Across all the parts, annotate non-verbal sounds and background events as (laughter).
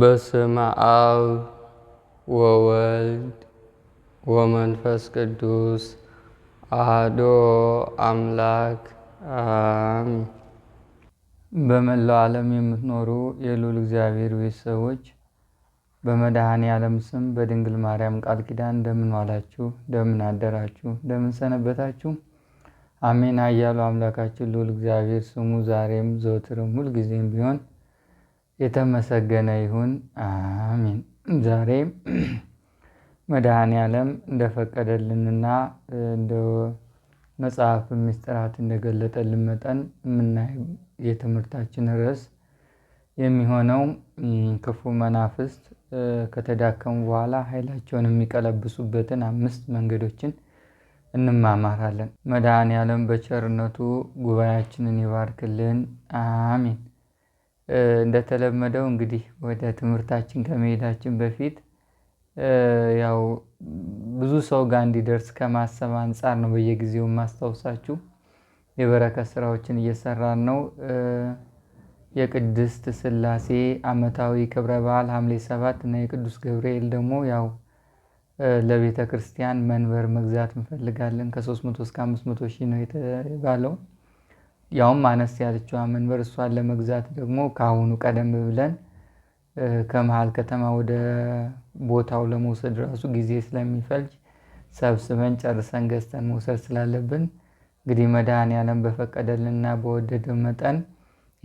በስመ አብ ወወልድ ወመንፈስ ቅዱስ አሐዱ አምላክ አሜን። በመላው ዓለም የምትኖሩ የሉል እግዚአብሔር ቤተሰቦች በመድኃኔ ዓለም ስም በድንግል ማርያም ቃል ኪዳን እንደምን ዋላችሁ፣ እንደምን አደራችሁ፣ እንደምን ሰነበታችሁ። አሜን። ኃያሉ አምላካችን ልዑል እግዚአብሔር ስሙ ዛሬም ዘወትርም ሁልጊዜም ቢሆን የተመሰገነ ይሁን አሚን። ዛሬ መድኃኔ ዓለም እንደፈቀደልንና እንደ መጽሐፍ ምስጢራት እንደገለጠልን መጠን የምናየው የትምህርታችን ርዕስ የሚሆነው ክፉ መናፍስት ከተዳከሙ በኋላ ኃይላቸውን የሚቀለብሱበትን አምስት መንገዶችን እንማማራለን። መድኃኔ ዓለም በቸርነቱ ጉባኤያችንን ይባርክልን አሚን። እንደተለመደው እንግዲህ ወደ ትምህርታችን ከመሄዳችን በፊት ያው ብዙ ሰው ጋር እንዲደርስ ከማሰብ አንፃር ነው በየጊዜው የማስታውሳችሁ የበረከት ስራዎችን እየሰራን ነው። የቅድስት ስላሴ አመታዊ ክብረ በዓል ሀምሌ ሰባት እና የቅዱስ ገብርኤል ደግሞ ያው ለቤተክርስቲያን መንበር መግዛት እንፈልጋለን ከ መቶ እስከ 500 ሺህ ነው የተባለው ያውም አነስ ያለችዋ መንበር እሷን ለመግዛት ደግሞ ከአሁኑ ቀደም ብለን ከመሀል ከተማ ወደ ቦታው ለመውሰድ ራሱ ጊዜ ስለሚፈልግ ሰብስበን ጨርሰን ገዝተን መውሰድ ስላለብን እንግዲህ መድኃኔዓለም በፈቀደልንና በወደደ መጠን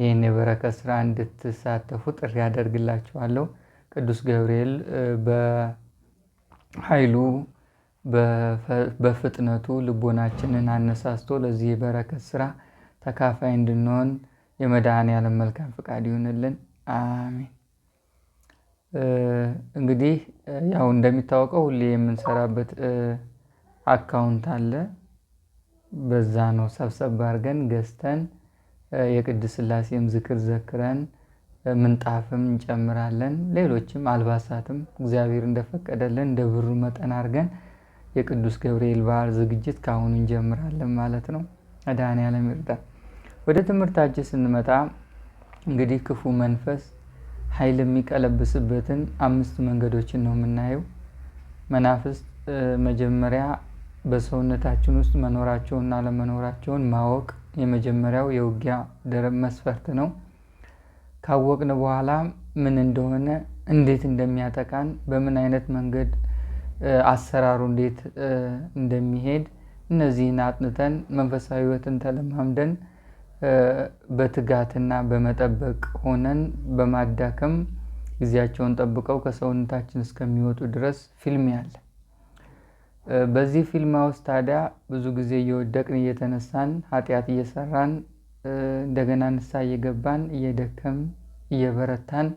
ይህን የበረከት ስራ እንድትሳተፉ ጥሪ ያደርግላችኋለሁ። ቅዱስ ገብርኤል በኃይሉ በፍጥነቱ ልቦናችንን አነሳስቶ ለዚህ የበረከት ስራ ተካፋይ እንድንሆን የመድኃኔዓለም መልካም ፈቃድ ይሁንልን። አሜን። እንግዲህ ያው እንደሚታወቀው ሁሌ የምንሰራበት አካውንት አለ። በዛ ነው ሰብሰብ አድርገን ገዝተን የቅድስት ሥላሴም ዝክር ዘክረን ምንጣፍም እንጨምራለን። ሌሎችም አልባሳትም እግዚአብሔር እንደፈቀደልን እንደ ብሩ መጠን አድርገን የቅዱስ ገብርኤል በዓል ዝግጅት ከአሁኑ እንጀምራለን ማለት ነው። መድኃኔዓለም ይርዳን። ወደ ትምህርታችን ስንመጣ እንግዲህ ክፉ መንፈስ ኃይል የሚቀለብስበትን አምስት መንገዶችን ነው የምናየው። መናፍስት መጀመሪያ በሰውነታችን ውስጥ መኖራቸውና አለመኖራቸውን ማወቅ የመጀመሪያው የውጊያ ደረብ መስፈርት ነው። ካወቅን በኋላ ምን እንደሆነ፣ እንዴት እንደሚያጠቃን፣ በምን አይነት መንገድ አሰራሩ እንዴት እንደሚሄድ እነዚህን አጥንተን መንፈሳዊ ሕይወትን ተለማምደን በትጋትና በመጠበቅ ሆነን በማዳከም ጊዜያቸውን ጠብቀው ከሰውነታችን እስከሚወጡ ድረስ ፊልም ያለ። በዚህ ፊልማ ውስጥ ታዲያ ብዙ ጊዜ እየወደቅን እየተነሳን ኃጢአት እየሰራን እንደገና ንሳ እየገባን እየደከም እየበረታን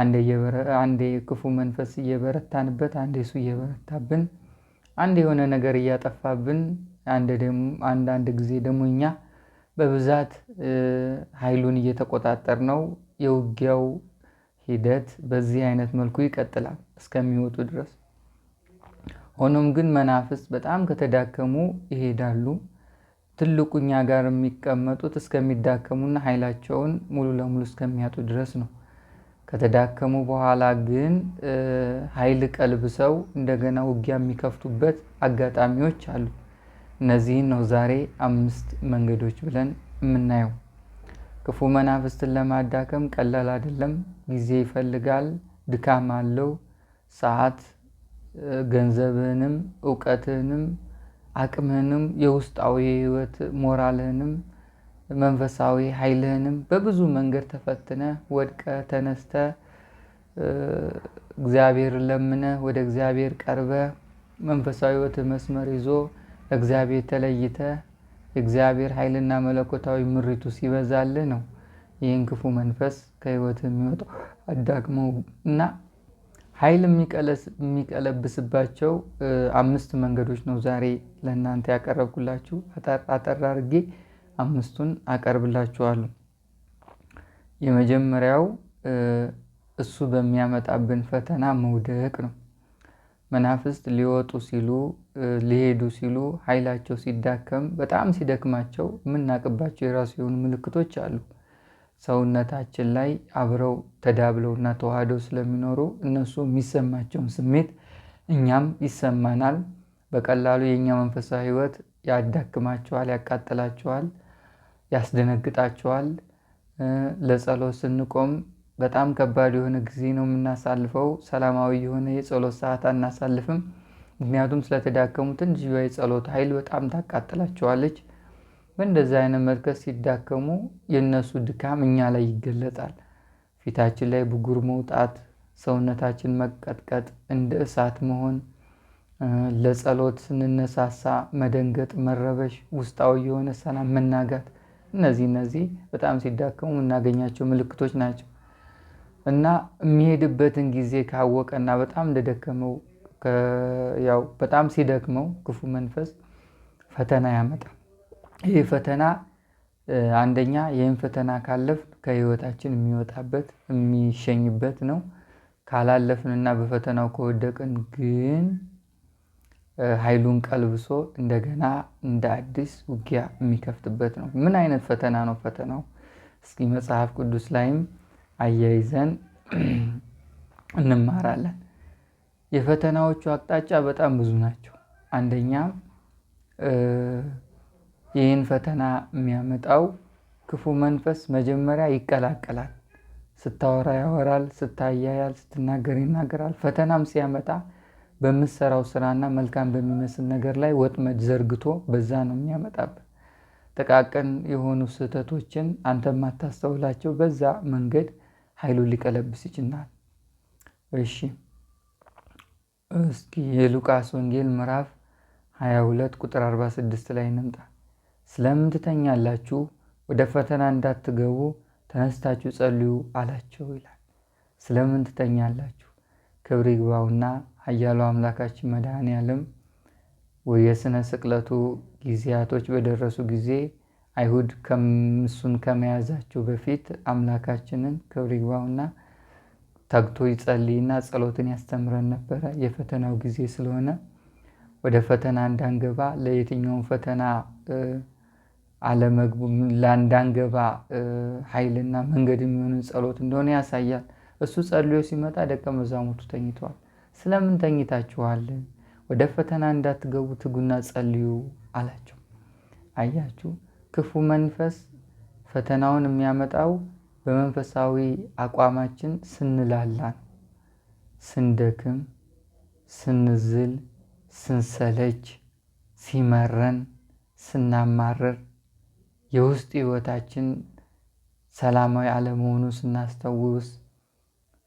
አንዴ ክፉ መንፈስ እየበረታንበት፣ አንዴ እሱ እየበረታብን፣ አንድ የሆነ ነገር እያጠፋብን፣ አንዳንድ ጊዜ ደግሞ እኛ በብዛት ኃይሉን እየተቆጣጠር ነው። የውጊያው ሂደት በዚህ አይነት መልኩ ይቀጥላል እስከሚወጡ ድረስ። ሆኖም ግን መናፍስት በጣም ከተዳከሙ ይሄዳሉ። ትልቁ እኛ ጋር የሚቀመጡት እስከሚዳከሙና ኃይላቸውን ሙሉ ለሙሉ እስከሚያጡ ድረስ ነው። ከተዳከሙ በኋላ ግን ኃይል ቀልብሰው እንደገና ውጊያ የሚከፍቱበት አጋጣሚዎች አሉ። እነዚህን ነው ዛሬ አምስት መንገዶች ብለን የምናየው። ክፉ መናፍስትን ለማዳከም ቀላል አይደለም። ጊዜ ይፈልጋል፣ ድካም አለው። ሰዓት፣ ገንዘብህንም፣ እውቀትህንም፣ አቅምህንም፣ የውስጣዊ ህይወት ሞራልህንም፣ መንፈሳዊ ኃይልህንም በብዙ መንገድ ተፈትነ ወድቀ ተነስተ እግዚአብሔር ለምነ ወደ እግዚአብሔር ቀርበ መንፈሳዊ ህይወት መስመር ይዞ እግዚአብሔር ተለይተ የእግዚአብሔር ኃይልና መለኮታዊ ምሪቱ ሲበዛል ነው ይህን ክፉ መንፈስ ከህይወት የሚወጣው አዳግመው እና ኃይል የሚቀለብስባቸው አምስት መንገዶች ነው ዛሬ ለእናንተ ያቀረብኩላችሁ። አጠር አድርጌ አምስቱን አቀርብላችኋለሁ። የመጀመሪያው እሱ በሚያመጣብን ፈተና መውደቅ ነው። መናፍስት ሊወጡ ሲሉ ሊሄዱ ሲሉ ኃይላቸው ሲዳከም በጣም ሲደክማቸው የምናቅባቸው የራሱ የሆኑ ምልክቶች አሉ። ሰውነታችን ላይ አብረው ተዳብለው እና ተዋህደው ስለሚኖሩ እነሱ የሚሰማቸውን ስሜት እኛም ይሰማናል። በቀላሉ የእኛ መንፈሳዊ ሕይወት ያዳክማቸዋል፣ ያቃጥላቸዋል፣ ያስደነግጣቸዋል። ለጸሎት ስንቆም በጣም ከባድ የሆነ ጊዜ ነው የምናሳልፈው። ሰላማዊ የሆነ የጸሎት ሰዓት አናሳልፍም። ምክንያቱም ስለተዳከሙ ትንሽዬዋ የጸሎት ኃይል በጣም ታቃጥላቸዋለች። በእንደዚህ አይነት መልከት ሲዳከሙ የእነሱ ድካም እኛ ላይ ይገለጣል። ፊታችን ላይ ብጉር መውጣት፣ ሰውነታችን መቀጥቀጥ፣ እንደ እሳት መሆን፣ ለጸሎት ስንነሳሳ መደንገጥ፣ መረበሽ፣ ውስጣዊ የሆነ ሰላም መናጋት፣ እነዚህ እነዚህ በጣም ሲዳከሙ የምናገኛቸው ምልክቶች ናቸው። እና የሚሄድበትን ጊዜ ካወቀ እና በጣም እንደደከመው ያው በጣም ሲደክመው ክፉ መንፈስ ፈተና ያመጣ ይህ ፈተና አንደኛ ይህን ፈተና ካለፍ ከህይወታችን የሚወጣበት የሚሸኝበት ነው። ካላለፍንና በፈተናው ከወደቅን ግን ኃይሉን ቀልብሶ እንደገና እንደ አዲስ ውጊያ የሚከፍትበት ነው። ምን አይነት ፈተና ነው ፈተናው? እስኪ መጽሐፍ ቅዱስ ላይም አያይዘን (clears throat) እንማራለን። የፈተናዎቹ አቅጣጫ በጣም ብዙ ናቸው። አንደኛም ይህን ፈተና የሚያመጣው ክፉ መንፈስ መጀመሪያ ይቀላቀላል። ስታወራ ያወራል፣ ስታያያል፣ ስትናገር ይናገራል። ፈተናም ሲያመጣ በምትሰራው ስራና መልካም በሚመስል ነገር ላይ ወጥመድ ዘርግቶ በዛ ነው የሚያመጣብን። ጥቃቅን የሆኑ ስህተቶችን አንተ ማታስተውላቸው በዛ መንገድ ኃይሉን ሊቀለብስ ይችላል። እሺ እስኪ የሉቃስ ወንጌል ምዕራፍ 22 ቁጥር 46 ላይ እንምጣ። ስለምን ትተኛላችሁ? ወደ ፈተና እንዳትገቡ ተነስታችሁ ጸልዩ አላቸው ይላል። ስለምን ትተኛላችሁ? ክብር ይግባውና ኃያሉ አምላካችን መድኃኔ ያለም የሥነ ስቅለቱ ጊዜያቶች በደረሱ ጊዜ አይሁድ እሱን ከመያዛቸው በፊት አምላካችንን ክብር ይግባውና ተግቶ ይጸልይና ጸሎትን ያስተምረን ነበረ። የፈተናው ጊዜ ስለሆነ ወደ ፈተና እንዳንገባ ለየትኛውም ፈተና አለመግቡ ለአንዳንገባ ኃይልና መንገድ የሚሆንን ጸሎት እንደሆነ ያሳያል። እሱ ጸልዮ ሲመጣ ደቀ መዛሙርቱ ተኝተዋል። ስለምን ተኝታችኋል? ወደ ፈተና እንዳትገቡ ትጉና ጸልዩ አላቸው። አያችሁ ክፉ መንፈስ ፈተናውን የሚያመጣው በመንፈሳዊ አቋማችን ስንላላ ነው። ስንደክም፣ ስንዝል፣ ስንሰለች፣ ሲመረን፣ ስናማረር፣ የውስጥ ሕይወታችን ሰላማዊ አለመሆኑ ስናስታውስ፣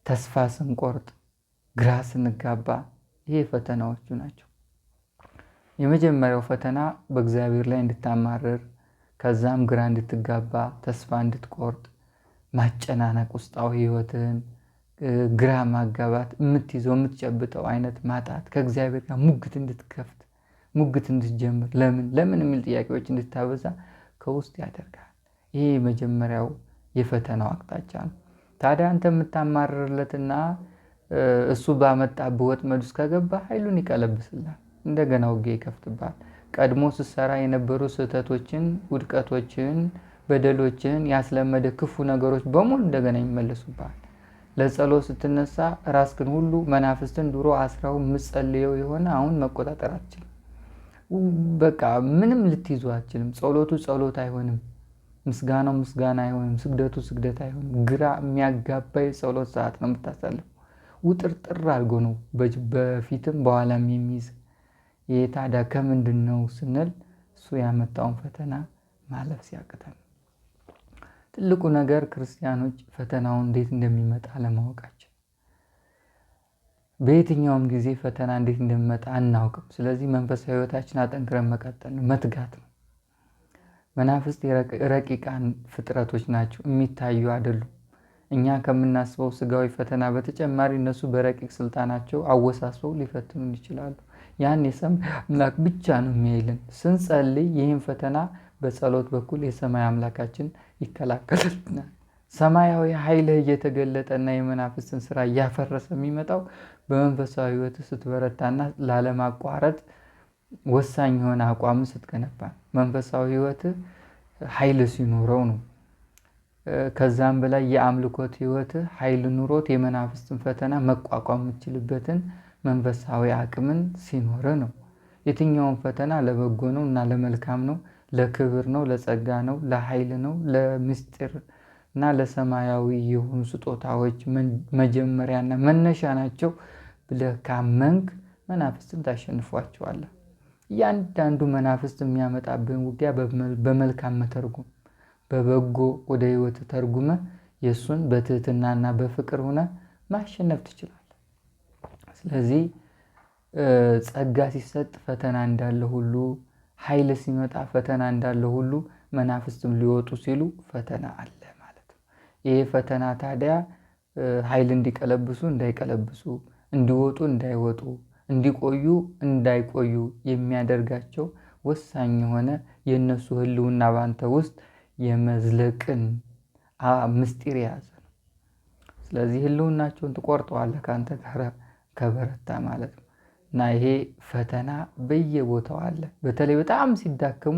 ተስፋ ስንቆርጥ፣ ግራ ስንጋባ፣ ይሄ ፈተናዎቹ ናቸው። የመጀመሪያው ፈተና በእግዚአብሔር ላይ እንድታማርር ከዛም ግራ እንድትጋባ ተስፋ እንድትቆርጥ ማጨናነቅ ውስጣዊ ህይወትህን ግራ ማጋባት የምትይዘው የምትጨብጠው አይነት ማጣት ከእግዚአብሔር ጋር ሙግት እንድትከፍት ሙግት እንድትጀምር ለምን ለምን የሚል ጥያቄዎች እንድታበዛ ከውስጥ ያደርጋል። ይህ የመጀመሪያው የፈተናው አቅጣጫ ነው። ታዲያ አንተ የምታማርርለትና እሱ ባመጣብህ ወጥመድ ውስጥ ከገባ ኃይሉን ይቀለብስላል። እንደገና ውጌ ይከፍትባል። ቀድሞ ስትሰራ የነበሩ ስህተቶችን፣ ውድቀቶችን፣ በደሎችን ያስለመደ ክፉ ነገሮች በሙሉ እንደገና ይመለሱብሃል። ለጸሎት ስትነሳ ራስክን ሁሉ መናፍስትን ድሮ አስራው የምጸልየው የሆነ አሁን መቆጣጠር አትችልም። በቃ ምንም ልትይዙ አትችልም። ጸሎቱ ጸሎት አይሆንም። ምስጋናው ምስጋና አይሆንም። ስግደቱ ስግደት አይሆንም። ግራ የሚያጋባ የጸሎት ሰዓት ነው የምታሳልፍ። ውጥርጥር አድርጎ ነው በፊትም በኋላም የሚይዝ የታዳ ታዲያ ከምንድን ነው ስንል እሱ ያመጣውን ፈተና ማለፍ ሲያቅተን ትልቁ ነገር ክርስቲያኖች ፈተናውን እንዴት እንደሚመጣ ለማወቃችን? በየትኛውም ጊዜ ፈተና እንዴት እንደሚመጣ አናውቅም። ስለዚህ መንፈሳዊ ሕይወታችን አጠንክረን መቀጠል ነው፣ መትጋት ነው። መናፍስት ረቂቃን ፍጥረቶች ናቸው፣ የሚታዩ አይደሉም። እኛ ከምናስበው ስጋዊ ፈተና በተጨማሪ እነሱ በረቂቅ ስልጣናቸው አወሳስበው ሊፈትኑን ይችላሉ። ያን የሰማይ አምላክ ብቻ ነው የሚያይልን። ስንጸልይ ይህን ፈተና በጸሎት በኩል የሰማይ አምላካችን ይከላከልልናል። ሰማያዊ ኃይልህ እየተገለጠና የመናፍስትን ስራ እያፈረሰ የሚመጣው በመንፈሳዊ ህይወት ስትበረታና ላለማቋረጥ ወሳኝ የሆነ አቋም ስትገነባ መንፈሳዊ ህይወት ኃይል ሲኖረው ነው። ከዛም በላይ የአምልኮት ህይወት ኃይል ኑሮት የመናፍስትን ፈተና መቋቋም የምችልበትን መንፈሳዊ አቅምን ሲኖረ ነው። የትኛውን ፈተና ለበጎ ነው እና ለመልካም ነው፣ ለክብር ነው፣ ለጸጋ ነው፣ ለኃይል ነው፣ ለምስጢር እና ለሰማያዊ የሆኑ ስጦታዎች መጀመሪያና መነሻ ናቸው ብለህ ካመንክ መናፍስትን ታሸንፏቸዋለህ። እያንዳንዱ መናፍስት የሚያመጣብን ውጊያ በመልካም መተርጉም በበጎ ወደ ህይወት ተርጉመ የእሱን በትህትናና በፍቅር ሆነ ማሸነፍ ትችላል። ስለዚህ ጸጋ ሲሰጥ ፈተና እንዳለ ሁሉ ኃይል ሲመጣ ፈተና እንዳለ ሁሉ መናፍስትም ሊወጡ ሲሉ ፈተና አለ ማለት ነው። ይሄ ፈተና ታዲያ ኃይል እንዲቀለብሱ እንዳይቀለብሱ፣ እንዲወጡ እንዳይወጡ፣ እንዲቆዩ እንዳይቆዩ የሚያደርጋቸው ወሳኝ የሆነ የእነሱ ህልውና ባንተ ውስጥ የመዝለቅን ምስጢር የያዘ ነው። ስለዚህ ህልውናቸውን ትቆርጠዋለህ ከአንተ ጋር ከበረታ ማለት ነው። እና ይሄ ፈተና በየቦታው አለ። በተለይ በጣም ሲዳከሙ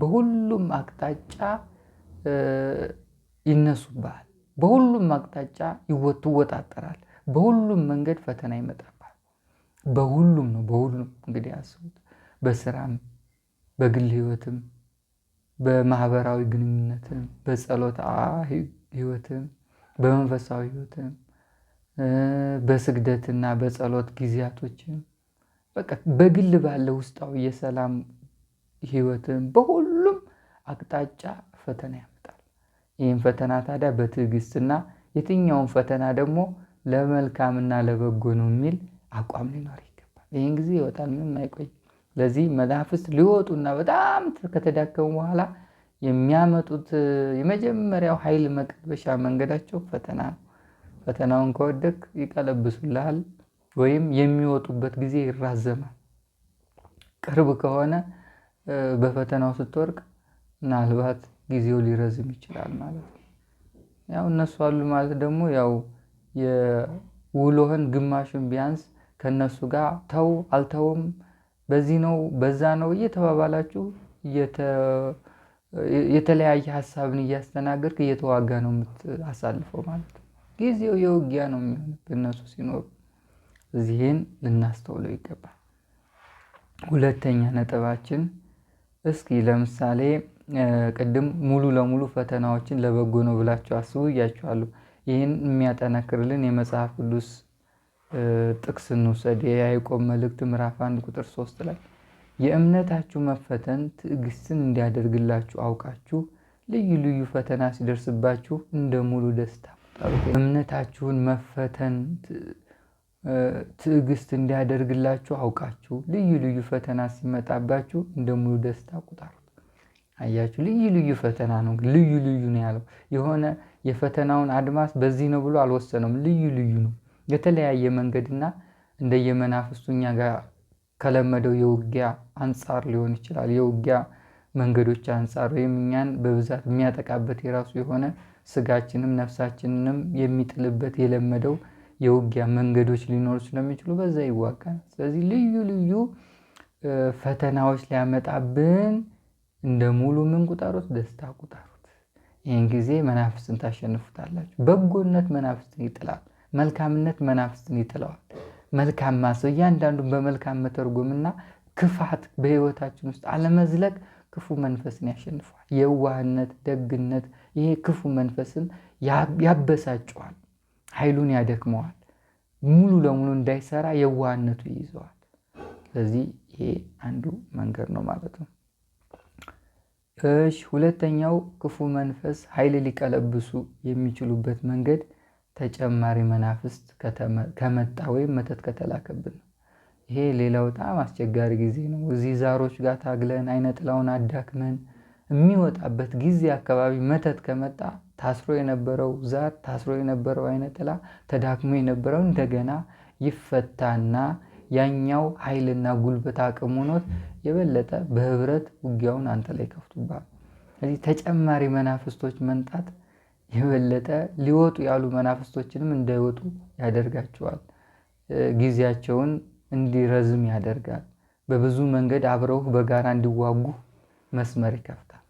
በሁሉም አቅጣጫ ይነሱብሃል። በሁሉም አቅጣጫ ይወጣጠራል። በሁሉም መንገድ ፈተና ይመጣብሃል። በሁሉም ነው። በሁሉም እንግዲህ አስቡት። በስራም፣ በግል ህይወትም፣ በማህበራዊ ግንኙነትም፣ በጸሎት ህይወትም፣ በመንፈሳዊ ህይወትም በስግደትና በጸሎት ጊዜያቶችም በቃ በግል ባለ ውስጣዊ የሰላም ህይወትን በሁሉም አቅጣጫ ፈተና ያመጣል። ይህም ፈተና ታዲያ በትዕግስትና የትኛውን ፈተና ደግሞ ለመልካምና ለበጎ ነው የሚል አቋም ሊኖር ይገባል። ይህን ጊዜ ይወጣል፣ ምንም አይቆይ። ለዚህ መናፍስት ሊወጡና በጣም ከተዳከሙ በኋላ የሚያመጡት የመጀመሪያው ኃይል መቀበሻ መንገዳቸው ፈተና ነው። ፈተናውን ከወደክ ይቀለብሱልሃል ወይም የሚወጡበት ጊዜ ይራዘማል። ቅርብ ከሆነ በፈተናው ስትወርቅ ምናልባት ጊዜው ሊረዝም ይችላል ማለት ነው። ያው እነሱ አሉ ማለት ደግሞ ያው የውሎህን ግማሹን ቢያንስ ከእነሱ ጋር ተው አልተውም በዚህ ነው በዛ ነው እየተባባላችሁ የተለያየ ሀሳብን እያስተናገድክ እየተዋጋ ነው የምታሳልፈው ማለት ነው። ጊዜው የውጊያ ነው የሚሆን እነሱ ሲኖሩ። እዚህን ልናስተውለው ይገባል። ሁለተኛ ነጥባችን እስኪ ለምሳሌ ቅድም ሙሉ ለሙሉ ፈተናዎችን ለበጎ ነው ብላችሁ አስቡ እያችኋለሁ። ይህን የሚያጠናክርልን የመጽሐፍ ቅዱስ ጥቅስ እንውሰድ። የያዕቆብ መልእክት ምዕራፍ አንድ ቁጥር ሶስት ላይ የእምነታችሁ መፈተን ትዕግስትን እንዲያደርግላችሁ አውቃችሁ ልዩ ልዩ ፈተና ሲደርስባችሁ እንደ ሙሉ ደስታ እምነታችሁን መፈተን ትዕግስት እንዲያደርግላችሁ አውቃችሁ ልዩ ልዩ ፈተና ሲመጣባችሁ እንደ ሙሉ ደስታ ቁጠሩት። አያችሁ፣ ልዩ ልዩ ፈተና ነው። ልዩ ልዩ ነው ያለው። የሆነ የፈተናውን አድማስ በዚህ ነው ብሎ አልወሰነውም። ልዩ ልዩ ነው፣ የተለያየ መንገድና እንደየመናፍስቱ እኛ ጋር ከለመደው የውጊያ አንጻር ሊሆን ይችላል። የውጊያ መንገዶች አንጻር ወይም እኛን በብዛት የሚያጠቃበት የራሱ የሆነ ስጋችንም ነፍሳችንንም የሚጥልበት የለመደው የውጊያ መንገዶች ሊኖሩ ስለሚችሉ በዛ ይዋጋል። ስለዚህ ልዩ ልዩ ፈተናዎች ሊያመጣብን እንደ ሙሉ ምን ቁጠሩት? ደስታ ቁጠሩት። ይህን ጊዜ መናፍስትን ታሸንፉታላችሁ። በጎነት መናፍስትን ይጥላል። መልካምነት መናፍስትን ይጥለዋል። መልካም ማሰብ እያንዳንዱ በመልካም መተርጎምና ክፋት በህይወታችን ውስጥ አለመዝለቅ ክፉ መንፈስን ያሸንፈዋል። የዋህነት፣ ደግነት ይሄ ክፉ መንፈስም ያበሳጨዋል፣ ኃይሉን ያደክመዋል፣ ሙሉ ለሙሉ እንዳይሰራ የዋህነቱ ይይዘዋል። ስለዚህ ይሄ አንዱ መንገድ ነው ማለት ነው። እሺ ሁለተኛው ክፉ መንፈስ ኃይል ሊቀለብሱ የሚችሉበት መንገድ ተጨማሪ መናፍስት ከመጣ ወይም መተት ከተላከብን ነው። ይሄ ሌላው በጣም አስቸጋሪ ጊዜ ነው። እዚህ ዛሮች ጋር ታግለን አይነ ጥላውን አዳክመን የሚወጣበት ጊዜ አካባቢ መተት ከመጣ ታስሮ የነበረው ዛር ታስሮ የነበረው አይነጥላ ጥላ ተዳክሞ የነበረው እንደገና ይፈታና ያኛው ኃይልና ጉልበት አቅም ሆኖት የበለጠ በህብረት ውጊያውን አንተ ላይ ከፍቱባል። ስለዚህ ተጨማሪ መናፍስቶች መምጣት የበለጠ ሊወጡ ያሉ መናፍስቶችንም እንዳይወጡ ያደርጋቸዋል። ጊዜያቸውን እንዲረዝም ያደርጋል። በብዙ መንገድ አብረውህ በጋራ እንዲዋጉ መስመር ይከፍታል።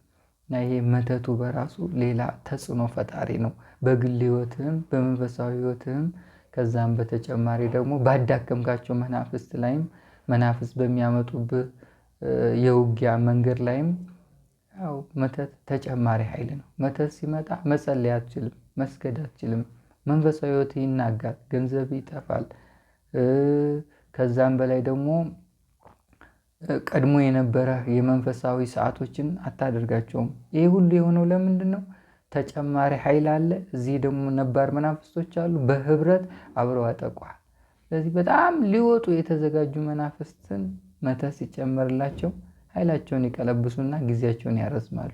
እና ይሄ መተቱ በራሱ ሌላ ተጽዕኖ ፈጣሪ ነው። በግል ህይወትህም በመንፈሳዊ ህይወትህም ከዛም በተጨማሪ ደግሞ ባዳከምካቸው መናፍስት ላይም መናፍስት በሚያመጡብህ የውጊያ መንገድ ላይም ያው መተት ተጨማሪ ኃይል ነው። መተት ሲመጣ መጸለይ አትችልም፣ መስገድ አትችልም። መንፈሳዊ ህይወት ይናጋል፣ ገንዘብ ይጠፋል። ከዛም በላይ ደግሞ ቀድሞ የነበረ የመንፈሳዊ ሰዓቶችን አታደርጋቸውም። ይህ ሁሉ የሆነው ለምንድን ነው? ተጨማሪ ኃይል አለ። እዚህ ደግሞ ነባር መናፍስቶች አሉ፣ በህብረት አብረው አጠቋል። ስለዚህ በጣም ሊወጡ የተዘጋጁ መናፍስትን መተት ሲጨመርላቸው ኃይላቸውን ይቀለብሱና ጊዜያቸውን ያረዝማሉ።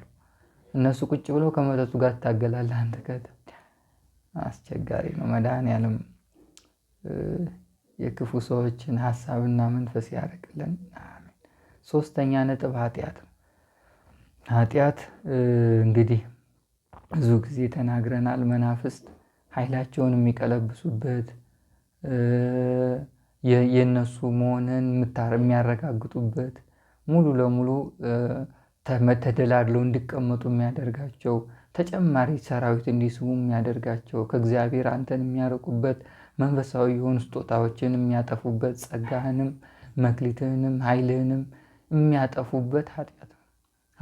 እነሱ ቁጭ ብለው ከመተቱ ጋር ትታገላለህ አንተ ከተ አስቸጋሪ ነው። መድኃኔዓለም የክፉ ሰዎችን ሀሳብና መንፈስ ያረቅልን። ሶስተኛ ነጥብ ኃጢአት ኃጢአት እንግዲህ ብዙ ጊዜ ተናግረናል። መናፍስት ኃይላቸውን የሚቀለብሱበት የእነሱ መሆንን የሚያረጋግጡበት ሙሉ ለሙሉ ተደላድለው እንዲቀመጡ የሚያደርጋቸው ተጨማሪ ሰራዊት እንዲስቡ የሚያደርጋቸው ከእግዚአብሔር አንተን የሚያርቁበት መንፈሳዊ የሆኑ ስጦታዎችን የሚያጠፉበት ጸጋህንም መክሊትህንም ኃይልህንም የሚያጠፉበት ኃጢአት ነው።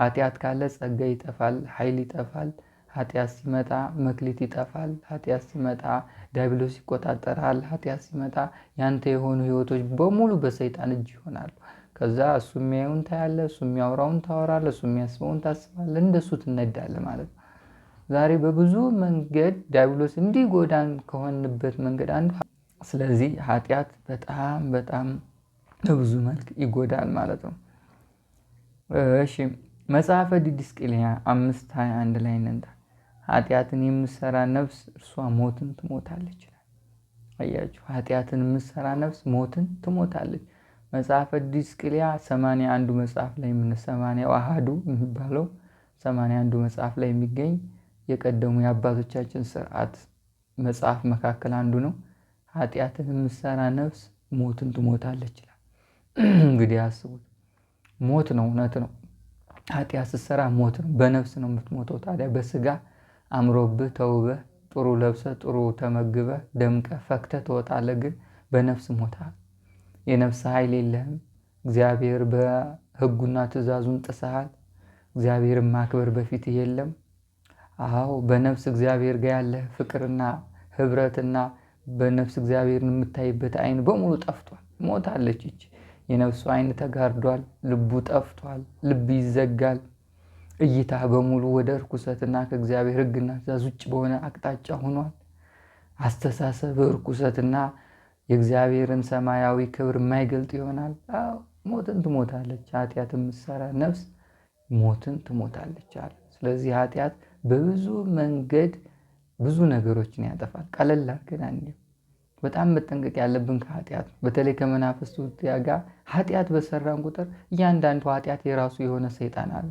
ኃጢአት ካለ ጸጋ ይጠፋል፣ ኃይል ይጠፋል። ኃጢአት ሲመጣ መክሊት ይጠፋል። ኃጢአት ሲመጣ ዲያብሎስ ይቆጣጠራል። ኃጢአት ሲመጣ ያንተ የሆኑ ህይወቶች በሙሉ በሰይጣን እጅ ይሆናሉ። ከዛ እሱ የሚያዩን ታያለ፣ እሱ የሚያወራውን ታወራለ፣ እሱ የሚያስበውን ታስባለ። እንደሱ ትነዳለ ማለት ነው። ዛሬ በብዙ መንገድ ዲያብሎስ እንዲጎዳን ከሆንበት መንገድ አንዱ ስለዚህ ኃጢአት በጣም በጣም በብዙ መልክ ይጎዳል ማለት ነው። እሺ መጽሐፈ ዲድስቅልያ አምስት ሀያ አንድ ላይ እንንታ ኃጢአትን የምሰራ ነፍስ እርሷ ሞትን ትሞታለች ይላል። አያችሁ፣ ኃጢአትን የምሰራ ነፍስ ሞትን ትሞታለች። መጽሐፈ ዲድስቅልያ ሰማንያ አንዱ መጽሐፍ ላይ ምን ሰማንያው አሃዱ የሚባለው ሰማንያ አንዱ መጽሐፍ ላይ የሚገኝ የቀደሙ የአባቶቻችን ስርዓት መጽሐፍ መካከል አንዱ ነው። ኃጢአትን የምሰራ ነፍስ ሞትን ትሞታለች ይላል። (clears throat) እንግዲህ አስቡት። ሞት ነው፣ እውነት ነው። ኃጢአት ስትሰራ ሞት ነው። በነፍስ ነው የምትሞተው። ታዲያ በስጋ አምሮብህ ተውበህ ጥሩ ለብሰህ ጥሩ ተመግበህ ደምቀህ ፈክተህ ትወጣለህ። ግን በነፍስ ሞታል። የነፍስ ኃይል የለህም። እግዚአብሔር በህጉና ትእዛዙን ጥሰሃል። እግዚአብሔርን ማክበር በፊት የለም። አዎ በነፍስ እግዚአብሔር ጋር ያለህ ፍቅርና ህብረትና በነፍስ እግዚአብሔርን የምታይበት አይን በሙሉ ጠፍቷል። ሞታለች ይች የነፍሱ አይን ተጋርዷል፣ ልቡ ጠፍቷል፣ ልብ ይዘጋል። እይታ በሙሉ ወደ እርኩሰትና ከእግዚአብሔር ሕግና ትእዛዝ ውጭ በሆነ አቅጣጫ ሆኗል። አስተሳሰብ እርኩሰትና የእግዚአብሔርን ሰማያዊ ክብር የማይገልጥ ይሆናል። ሞትን ትሞታለች፣ ኃጢአት የምትሰራ ነፍስ ሞትን ትሞታለች አለ። ስለዚህ ኃጢአት በብዙ መንገድ ብዙ ነገሮችን ያጠፋል። ቀለል አድርገን በጣም መጠንቀቅ ያለብን ከኃጢአት ነው። በተለይ ከመናፍስቱ ጋር ኃጢአት በሰራን ቁጥር እያንዳንዱ ኃጢአት የራሱ የሆነ ሰይጣን አለ፣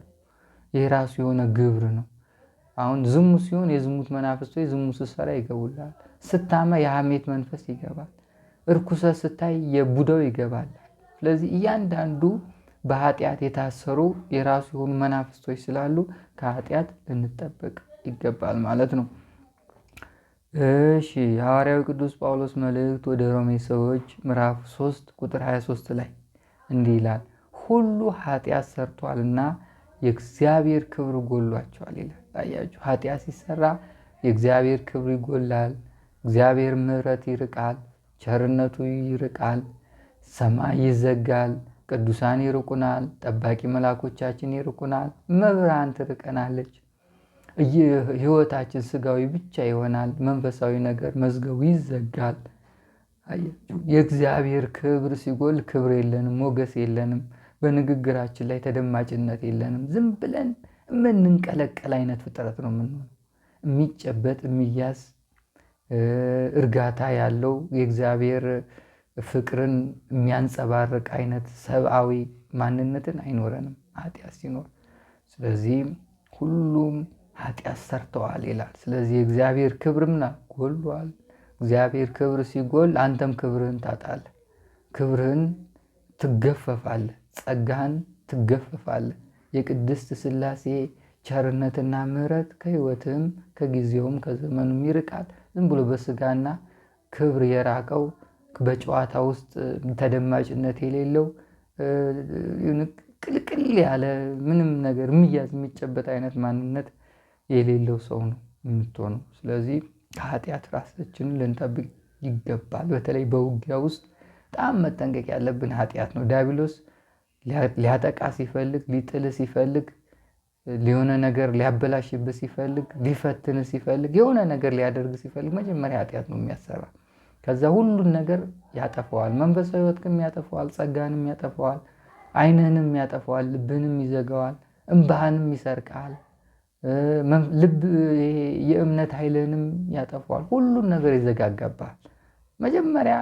የራሱ የሆነ ግብር ነው። አሁን ዝሙ ሲሆን የዝሙት መናፍስቶ ዝሙ ስትሰራ ይገቡላል። ስታማ የሐሜት መንፈስ ይገባል። እርኩሰ ስታይ የቡዳው ይገባል። ስለዚህ እያንዳንዱ በኃጢአት የታሰሩ የራሱ የሆኑ መናፍስቶች ስላሉ ከኃጢአት ልንጠበቅ ይገባል ማለት ነው። እሺ ሐዋርያው ቅዱስ ጳውሎስ መልእክት ወደ ሮሜ ሰዎች ምዕራፍ 3 ቁጥር 23 ላይ እንዲህ ይላል፣ ሁሉ ኃጢአት ሰርቷልና የእግዚአብሔር ክብር ጎሏቸዋል ይላል። አያችሁ፣ ኃጢአት ሲሰራ የእግዚአብሔር ክብር ይጎላል። እግዚአብሔር ምሕረት ይርቃል፣ ቸርነቱ ይርቃል፣ ሰማይ ይዘጋል፣ ቅዱሳን ይርቁናል፣ ጠባቂ መላኮቻችን ይርቁናል፣ መብራን ትርቀናለች። ህይወታችን ስጋዊ ብቻ ይሆናል። መንፈሳዊ ነገር መዝገቡ ይዘጋል። የእግዚአብሔር ክብር ሲጎል ክብር የለንም፣ ሞገስ የለንም፣ በንግግራችን ላይ ተደማጭነት የለንም። ዝም ብለን የምንንቀለቀል አይነት ፍጥረት ነው የምንሆነው። የሚጨበጥ የሚያዝ እርጋታ ያለው የእግዚአብሔር ፍቅርን የሚያንጸባርቅ አይነት ሰብአዊ ማንነትን አይኖረንም ኃጢአት ሲኖር። ስለዚህ ሁሉም ኃጢአት ሰርተዋል ይላል። ስለዚህ የእግዚአብሔር ክብር ምና ጎሏል። እግዚአብሔር ክብር ሲጎል አንተም ክብርህን ታጣል ክብርህን ትገፈፋለ፣ ጸጋህን ትገፈፋለ። የቅድስት ስላሴ ቸርነትና ምሕረት ከሕይወትህም ከጊዜውም ከዘመኑም ይርቃል። ዝም ብሎ በስጋና ክብር የራቀው በጨዋታ ውስጥ ተደማጭነት የሌለው ቅልቅል ያለ ምንም ነገር የሚያዝ የሚጨበጥ አይነት ማንነት የሌለው ሰው ነው የምትሆነው። ስለዚህ ከኃጢአት ራሳችንን ልንጠብቅ ይገባል። በተለይ በውጊያ ውስጥ በጣም መጠንቀቅ ያለብን ኃጢአት ነው። ዲያብሎስ ሊያጠቃ ሲፈልግ፣ ሊጥል ሲፈልግ፣ ሊሆነ ነገር ሊያበላሽብ ሲፈልግ፣ ሊፈትን ሲፈልግ፣ የሆነ ነገር ሊያደርግ ሲፈልግ መጀመሪያ ኃጢአት ነው የሚያሰራ። ከዛ ሁሉን ነገር ያጠፈዋል። መንፈሳዊ ሕይወትህንም ያጠፈዋል፣ ጸጋንም ያጠፈዋል፣ ዓይንህንም ያጠፈዋል፣ ልብህንም ይዘጋዋል፣ እምባህንም ይሰርቃል። ልብ የእምነት ኃይልንም ያጠፋዋል። ሁሉን ነገር ይዘጋጋባል። መጀመሪያ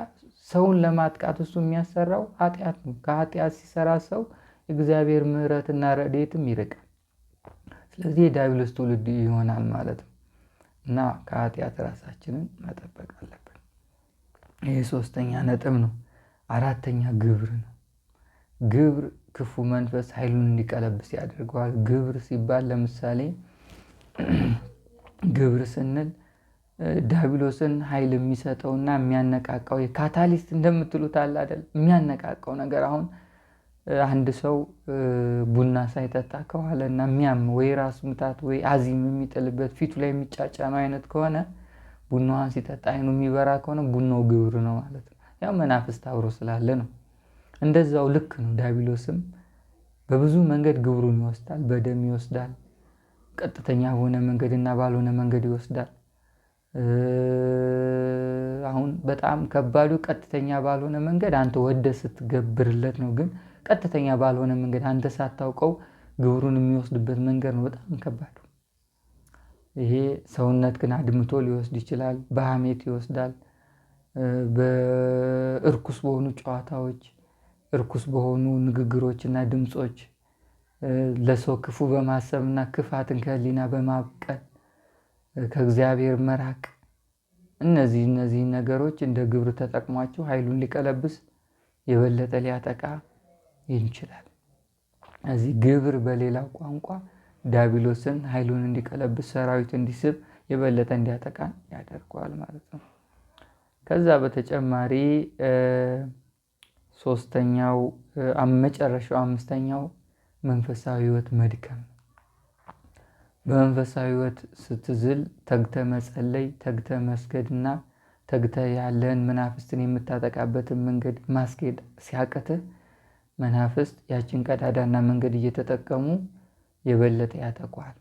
ሰውን ለማጥቃት እሱ የሚያሰራው ኃጢአት ነው። ከኃጢአት ሲሰራ ሰው እግዚአብሔር ምሕረትና ረድኤትም ይርቃል። ስለዚህ የዲያብሎስ ትውልድ ይሆናል ማለት ነው እና ከኃጢአት ራሳችንን መጠበቅ አለብን። ይህ ሶስተኛ ነጥብ ነው። አራተኛ ግብር ነው። ግብር ክፉ መንፈስ ኃይሉን እንዲቀለብስ ያደርገዋል። ግብር ሲባል ለምሳሌ (clears throat) ግብር ስንል ዳቢሎስን ኃይል የሚሰጠውና የሚያነቃቃው የካታሊስት እንደምትሉት አለ አይደል? የሚያነቃቃው ነገር አሁን አንድ ሰው ቡና ሳይጠጣ ከዋለና የሚያም ወይ ራስ ምታት ወይ አዚም የሚጥልበት ፊቱ ላይ የሚጫጫም አይነት ከሆነ ቡናዋን ሲጠጣ አይኑ የሚበራ ከሆነ ቡናው ግብር ነው ማለት ነው። ያው መናፍስት አብሮ ስላለ ነው። እንደዛው ልክ ነው። ዳቢሎስም በብዙ መንገድ ግብሩን ይወስዳል፣ በደም ይወስዳል ቀጥተኛ በሆነ መንገድ እና ባልሆነ መንገድ ይወስዳል። አሁን በጣም ከባዱ ቀጥተኛ ባልሆነ መንገድ አንተ ወደ ስትገብርለት ነው። ግን ቀጥተኛ ባልሆነ መንገድ አንተ ሳታውቀው ግብሩን የሚወስድበት መንገድ ነው በጣም ከባዱ። ይሄ ሰውነት ግን አድምቶ ሊወስድ ይችላል። በሀሜት ይወስዳል። በእርኩስ በሆኑ ጨዋታዎች፣ እርኩስ በሆኑ ንግግሮች እና ድምጾች ለሰው ክፉ በማሰብና ክፋትን ከህሊና በማብቀል ከእግዚአብሔር መራቅ እነዚህ እነዚህ ነገሮች እንደ ግብር ተጠቅሟቸው ኃይሉን ሊቀለብስ የበለጠ ሊያጠቃ ይችላል። እዚህ ግብር በሌላ ቋንቋ ዳቢሎስን ኃይሉን እንዲቀለብስ ሰራዊት እንዲስብ የበለጠ እንዲያጠቃ ያደርገዋል ማለት ነው። ከዛ በተጨማሪ ሶስተኛው መጨረሻው አምስተኛው መንፈሳዊ ህይወት መድከም። በመንፈሳዊ ህይወት ስትዝል ተግተ መጸለይ፣ ተግተ መስገድና ተግተ ያለህን መናፍስትን የምታጠቃበትን መንገድ ማስኬድ ሲያቅትህ መናፍስት ያችን ቀዳዳና መንገድ እየተጠቀሙ የበለጠ ያጠቋል።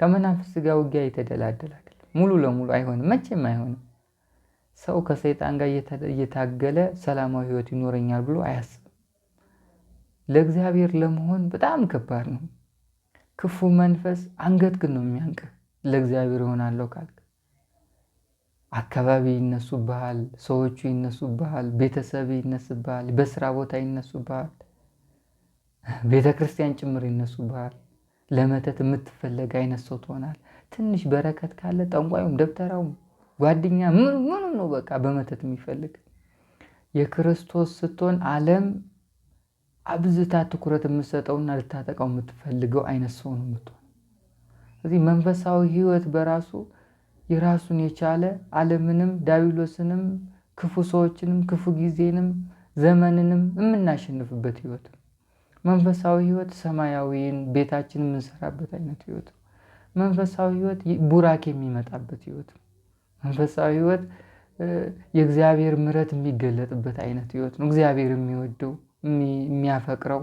ከመናፍስት ጋር ውጊያ የተደላደለ አይደለም፣ ሙሉ ለሙሉ አይሆንም፣ መቼም አይሆንም። ሰው ከሰይጣን ጋር እየታገለ ሰላማዊ ህይወት ይኖረኛል ብሎ አያስብ። ለእግዚአብሔር ለመሆን በጣም ከባድ ነው። ክፉ መንፈስ አንገት ግን ነው የሚያንቅህ። ለእግዚአብሔር ይሆናለሁ ካልክ አካባቢ ይነሱብሃል፣ ሰዎቹ ይነሱብሃል፣ ቤተሰብ ይነሱብሃል፣ በስራ ቦታ ይነሱብሃል፣ ቤተ ክርስቲያን ጭምር ይነሱብሃል። ለመተት የምትፈለግ አይነት ሰው ትሆናል። ትንሽ በረከት ካለ ጠንቋዩም፣ ደብተራውም፣ ጓደኛ ምኑ ነው በቃ በመተት የሚፈልግ የክርስቶስ ስትሆን ዓለም አብዝታ ትኩረት የምትሰጠውና ልታጠቃው የምትፈልገው አይነት ሰው ነው የምትሆን። ስለዚህ መንፈሳዊ ህይወት በራሱ የራሱን የቻለ ዓለምንም፣ ዳቢሎስንም፣ ክፉ ሰዎችንም፣ ክፉ ጊዜንም፣ ዘመንንም የምናሸንፍበት ሕይወት ነው። መንፈሳዊ ህይወት ሰማያዊን ቤታችን የምንሰራበት አይነት ሕይወት ነው። መንፈሳዊ ሕይወት ቡራክ የሚመጣበት ህይወት ነው። መንፈሳዊ ህይወት የእግዚአብሔር ምረት የሚገለጥበት አይነት ሕይወት ነው። እግዚአብሔር የሚወደው የሚያፈቅረው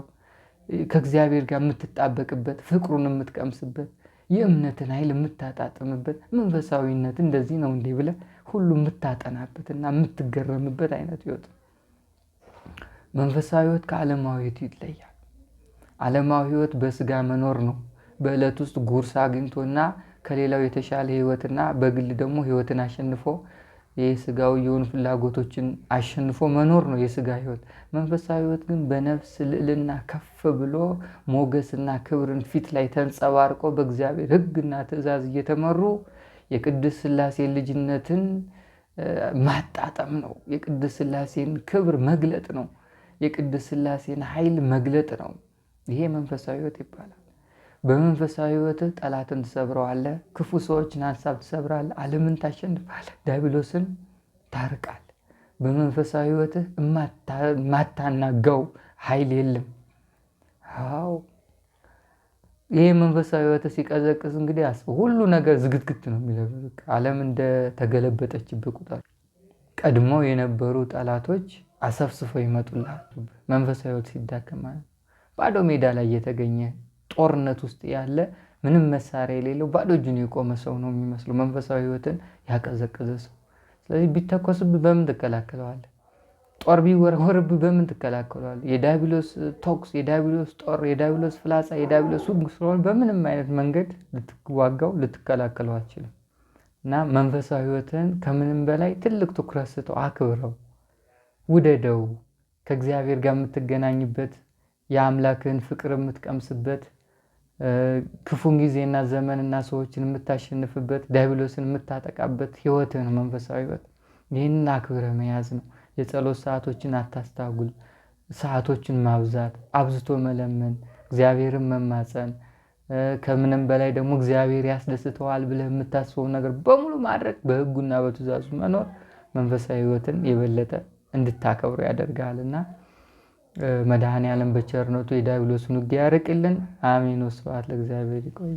ከእግዚአብሔር ጋር የምትጣበቅበት ፍቅሩን የምትቀምስበት የእምነትን ኃይል የምታጣጥምበት መንፈሳዊነት እንደዚህ ነው እንዲህ ብለ ሁሉ የምታጠናበትና የምትገረምበት አይነት ህይወት መንፈሳዊ ህይወት ከዓለማዊ ህይወት ይለያል። ዓለማዊ ህይወት በስጋ መኖር ነው። በዕለት ውስጥ ጉርስ አግኝቶና ከሌላው የተሻለ ህይወትና በግል ደግሞ ህይወትን አሸንፎ የስጋው የሆኑ ፍላጎቶችን አሸንፎ መኖር ነው የስጋ ህይወት። መንፈሳዊ ህይወት ግን በነፍስ ልዕልና ከፍ ብሎ ሞገስና ክብርን ፊት ላይ ተንጸባርቆ በእግዚአብሔር ህግና ትእዛዝ እየተመሩ የቅድስት ስላሴ ልጅነትን ማጣጠም ነው። የቅድስት ስላሴን ክብር መግለጥ ነው። የቅድስት ስላሴን ኃይል መግለጥ ነው። ይሄ መንፈሳዊ ህይወት ይባላል። በመንፈሳዊ ህይወት ጠላትን ትሰብረዋለህ። ክፉ ሰዎችን ሀሳብ ትሰብራለህ። ዓለምን ታሸንፋለህ። ዲያብሎስን ታርቃል። በመንፈሳዊ ህይወት የማታናጋው ኃይል የለም። አዎ ይሄ መንፈሳዊ ህይወት ሲቀዘቅዝ እንግዲህ ሁሉ ነገር ዝግትግት ነው የሚለው። ዓለም እንደተገለበጠችብህ ቁጥር ቀድሞ የነበሩ ጠላቶች አሰፍስፎ ይመጡላ። መንፈሳዊ ህይወት ሲዳከም ባዶ ሜዳ ላይ እየተገኘ ጦርነት ውስጥ ያለ ምንም መሳሪያ የሌለው ባዶ እጁን የቆመ ሰው ነው የሚመስለው፣ መንፈሳዊ ህይወትን ያቀዘቀዘ ሰው። ስለዚህ ቢተኮስብ በምን ትከላከለዋለ? ጦር ቢወረወርብ በምን ትከላከለዋለ? የዳቢሎስ ቶክስ፣ የዲያብሎስ ጦር፣ የዲያብሎስ ፍላጻ፣ የዲያብሎስ ውግ ስለሆነ በምንም አይነት መንገድ ልትዋጋው ልትከላከለው አችልም እና መንፈሳዊ ህይወትን ከምንም በላይ ትልቅ ትኩረት ስጠው፣ አክብረው፣ ውደደው ከእግዚአብሔር ጋር የምትገናኝበት የአምላክህን ፍቅር የምትቀምስበት ክፉን ጊዜና ዘመንና ሰዎችን የምታሸንፍበት፣ ዲያብሎስን የምታጠቃበት ህይወት ነው። መንፈሳዊ ህይወት ይህንን አክብረ መያዝ ነው። የጸሎት ሰዓቶችን አታስታጉል። ሰዓቶችን ማብዛት፣ አብዝቶ መለመን፣ እግዚአብሔርን መማፀን፣ ከምንም በላይ ደግሞ እግዚአብሔር ያስደስተዋል ብለህ የምታስበው ነገር በሙሉ ማድረግ፣ በህጉና በትእዛዙ መኖር መንፈሳዊ ህይወትን የበለጠ እንድታከብሩ ያደርጋልና መድኃኔ ዓለም በቸርነቱ የዲያብሎስን ውጊያ ያርቅልን። አሜን። ወስብሐት ለእግዚአብሔር። ይቆይ